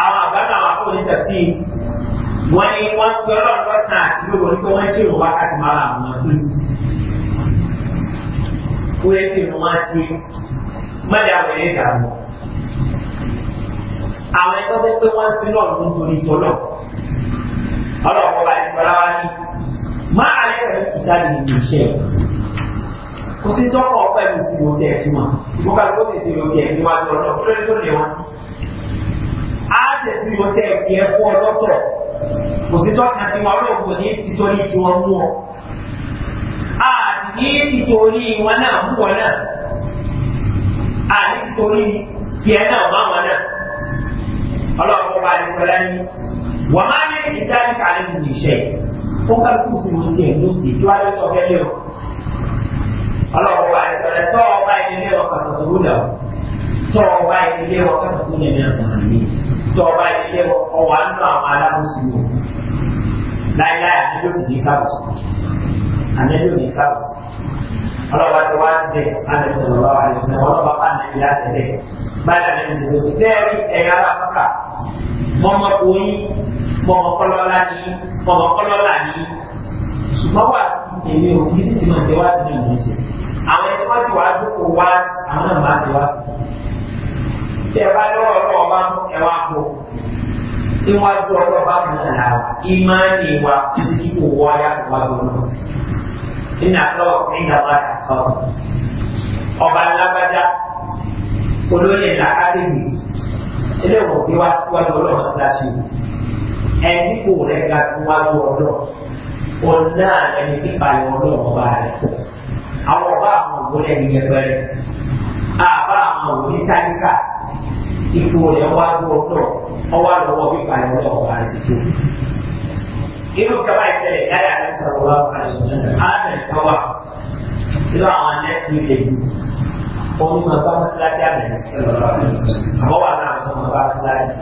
àwọn àbá náà wà fún wọ́n ní wọ́n gbé ọlọ́run wọ́n tàn àti gbogbo nípa wọ́n kí wọ́n wákàtí mara àwọn ọmọ tó wọ́n kí wọ́n wá sí mọ́lẹ̀ àwọn ẹ̀yẹ ìdààmú. àwọn ẹgbẹ́ tó pé wọ́n sí náà ló ń torí tọ́lọ̀ ọlọ́run kọ́ bá ti fọlá wá ní máa alẹ́ rẹ̀ kì í sáré nínú iṣẹ́ kò sí tọ́kọ̀ ọ̀pẹ́ mi sí ìwọ́n tẹ̀ sí wọn ìgbọ́ká sì sí ìwọ́n tẹ̀ níwájú ọlọ́run kí ló tó lè wọ́n sí. á tẹ̀sí ìwọ́n tẹ̀ tiẹ̀ fún ọlọ́tọ̀ kò sí tọ́ka tí wọn ọlọ́ọ̀kọ̀ ní títorí tí wọ́n mú ọ. a ní títorí wọn náà mú wọn náà a ní títorí tiẹ̀ náà bá wọn náà ọlọ́ọ̀kọ̀ bá ní pẹ̀lá ní wọ́n máa ní ìsáyẹ̀ kàlẹ́ nù níṣẹ́ fún kálukú sí mo tiẹ̀ ló sì tó ayé sọ fẹ́ lé o. ọlọ́ọ̀kọ̀ bá ní pẹ̀lá tọ́ ọba ìdílé ọkọ̀ tó tó dà o tọ́ ọba ìdílé ọkọ̀ tó tó dà o tọ́ ọba ìdílé ọkọ̀ wà nù àwọn alábòsí o láíláí àdúgbò sì ní sábùsì àdúgbò ní sábùsì ọlọ́ba ti wá síbẹ̀ àdúgbò sọ̀rọ̀ lọ́wọ́ àdúgbò sọ̀rọ̀ ọlọ́ba bá ní ìlà sílẹ̀ báyìí àdúgbò sọ̀rọ̀ ti sẹ́ẹ̀rí ẹ̀yà alápákà mọ́mọ́kùnrin mọ́mọ́kọ́lọ́lá ní mọ́mọ́kọ́lọ́lá ní ṣùgbọ́n wà sí èmi ò kí sì máa ti wá sí ìlú ṣe àwọn ẹni wọ́n ti wá dúkò níwájú ọjọ́ bá kan náà la ìmáàní wa tí kò wọ́ ya kò wá lọ́wọ́. Nínú àtọ́ nígbà wà kọ́. Ọba alágbádá olóyè làkàtìmì ilé wò bí wá síwájú ọlọ́run síláṣí. Ẹni kò rẹ̀ ga síwájú ọlọ́run. Òun náà ẹni tí pààyàn ọlọ́run ọba rẹ̀. Àwọn ọba àwọn òwúrẹ́ ni yẹpẹrẹ. Àbá àwọn òwúrẹ́ táníkà ipò rẹ̀ wá dúró tọ̀ ọwọ́ àlọ́wọ́ pípa ẹ̀ lọ́wọ́ ọ̀gá àti tó. Inú kaba ìtẹ̀lẹ̀ láyé àti sọ̀rọ̀ wá àlẹ́ kọ́wà nínú àwọn anẹ́tì ilẹ̀ yìí. Òun máa bá mọ́sálásí àmì àbọ̀ wà náà tó máa bá mọ́sálásí.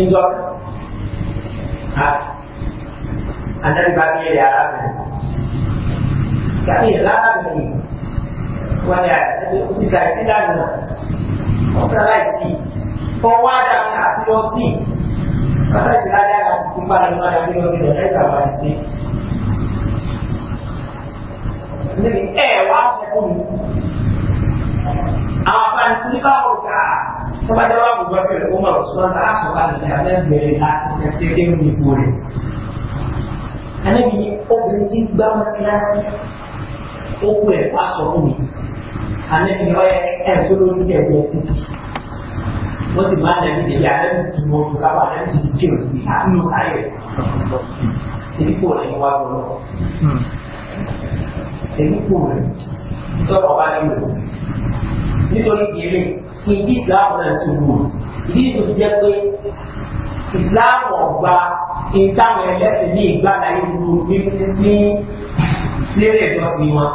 Ìjọ anábìbá bí ẹ̀rẹ̀ arábìnrin. Yàtọ̀ ìlànà mi wọ́n ní àyà ẹ̀dẹ́ òṣìṣẹ́ àti ìlànà mutalaiti fọwọ́dà àtúnyọ sí pàtàkì ládàá àti tìǹbà nínú àdàbí ọdún ẹ̀rọ ìtàwá sí. níbi ẹ wá sẹ́kù mi àwọn àpàǹtí ní báwo ká tọ́bajẹ́ wà gbogbo ẹ̀rọ ọmọ ọ̀ṣun náà aṣọ̀bá nìyẹn abẹ́gbẹ̀rẹ̀ láti ṣẹ̀ṣẹ̀ kí ní ipò rẹ̀. àníbi obìnrin ti gbá wọn sí láti ó kú ẹ̀ wá sọ fún mi àlẹ́ ni ọ̀yẹ́ ẹ̀ tó ló ń jẹ́ ẹ̀jẹ̀ títì wọ́n sì máa dàbí ìdèjì àlẹ́ ti ti mọ fún sábà àlẹ́ ti ti kéwòn sí àánú sáyẹ̀ èdèpò rẹ̀ ni wà lọ́wọ́ èdèpò rẹ̀ tọ́pọ̀ bá nílò nítorí ìdílé ìdí ìsìláàmù náà sì wù ìdí tó fi jẹ́ pé ìsìláàmù ọ̀gbà ìtàwọn ẹlẹ́sìn ní ìgbà láyé ní lérè ìjọsìn wọn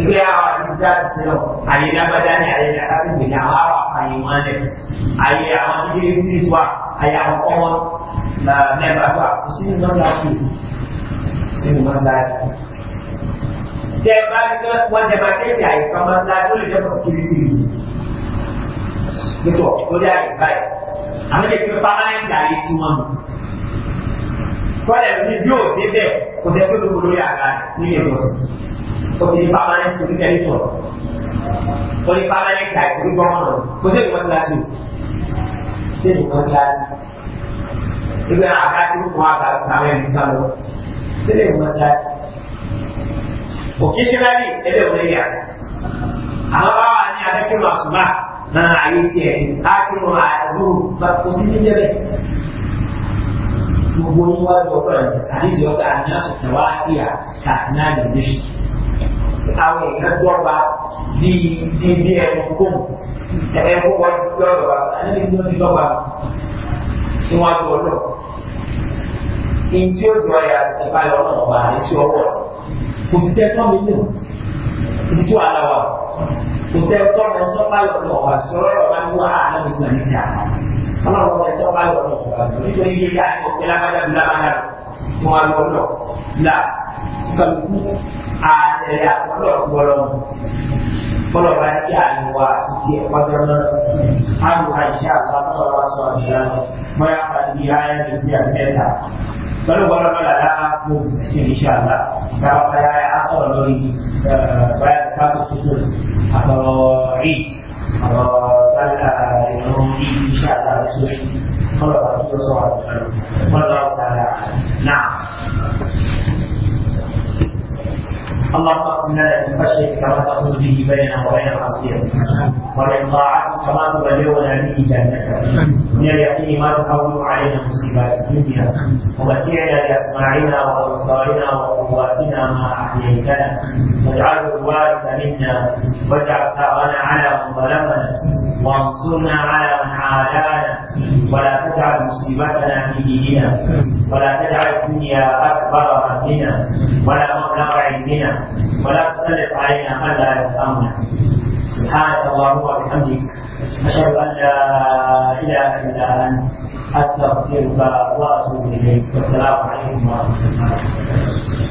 ìgbé àwọn àdúgbò ti lọ àyè lágbájá ní àyè alábìgbè ní àwọn àwọn àyè wọn lẹ àyè àwọn tí kéré sí ìṣúà àyè àwọn ọmọ mẹba tó àkùsínú lọ́dọ̀ àkùn sínú mọ́sálásí. tẹ bá ní kí wọ́n tẹ máa kéde àyè kan mọ́sálásí ó lè jẹ́ pọ̀sikiriti yìí nítorí ọ̀pọ̀ lórí àyè báyìí àwọn lè fi pámánẹ́ǹtì àyè tí wọ́n mú kọ́lẹ̀ ní bí òde bẹ́ẹ̀ kò sẹ́ pé gbogbo lórí àgbà nílé ìwọ̀sùn òtí pàmò ẹ̀ torí tẹ́lẹ̀ tọ̀ torí pàmò ẹ̀ kà torí bọ́ọ̀nù kò sí èdè mọ́tíláṣí sí èdè mọ́tíláṣí ibi náà àkáàtì fún àgbà pàmò ẹ̀ nípa lọ sí èdè mọ́tíláṣí occasionally ẹ̀dẹ̀ wọlé yà àwọn bá wà ní abẹ́kẹ́ wà sùgbà náà ayé tiẹ̀ káàkiri wọn àdúró kò sí jíjẹ bẹ́ẹ̀ gbogbo wọn wá lọ pẹ̀lú àdísì ọ̀gá àmì àṣọ̀ṣẹ̀ wá sí à kàtínà ìdíṣì àwọn èèyàn dọ́gba bí bí bí ẹnu kóun ẹnu kó wọ́n dọ́gba ẹni tó ti dọ́gba níwájú ọlọ́ ìdí òjò ọ̀yà ìbálẹ̀ ọlọ́run ọba àti ọwọ́ kò sí tẹ́ tọ́ mi nù ìdí tí wàá láwà kò sí tẹ́ tọ́ mi tọ́ báyọ̀ ọlọ́run ọba àti ọlọ́run ọba ní wàá àná mi gbà níjà ọlọ́run ọba tọ́ báyọ̀ ọlọ́run ọba nítorí iye yá ni ọ̀pẹ lábájá bí lábájá wọn á lọ lọ là kàlùkù àtẹ̀lé àtọ́lọ̀ gbọ́lọ́ fọlọ́ bá ní àyùwà àti ẹ̀kọ́jọ́ náà àyùwà iṣẹ́ àtọ́lọ́ wa sọ ìlànà mọ́yá pàdé ayé mi ti àmẹ́ta lọ́dún gbọ́dọ̀ mọ́lá lára kó sí iṣẹ́ àlá táwọn bá yá àtọ̀rọ̀ lórí báyà káàkó tuntun àtọ̀rọ̀ ríd àtọ̀rọ̀ sálà ìrún náà. اللهم اقسم لنا من خشيتك ما تقول به بيننا وبين معصيتك ومن طاعتك ما تبلغنا به جنتك من اليقين ما تهون علينا مصيبات الدنيا ومتعنا باسماعنا وابصارنا وقواتنا ما احييتنا واجعله الوارث منا واجعل ثارنا على من ظلمنا وانصرنا على من عادانا ولا تجعل مصيبتنا في ديننا ولا تجعل الدنيا اكبر همنا ولا مبلغ علمنا ولا تسلط علينا من لا يفهمنا سبحانك اللهم وبحمدك اشهد ان لا اله الا انت استغفرك واتوب اليك والسلام عليكم ورحمه الله وبركاته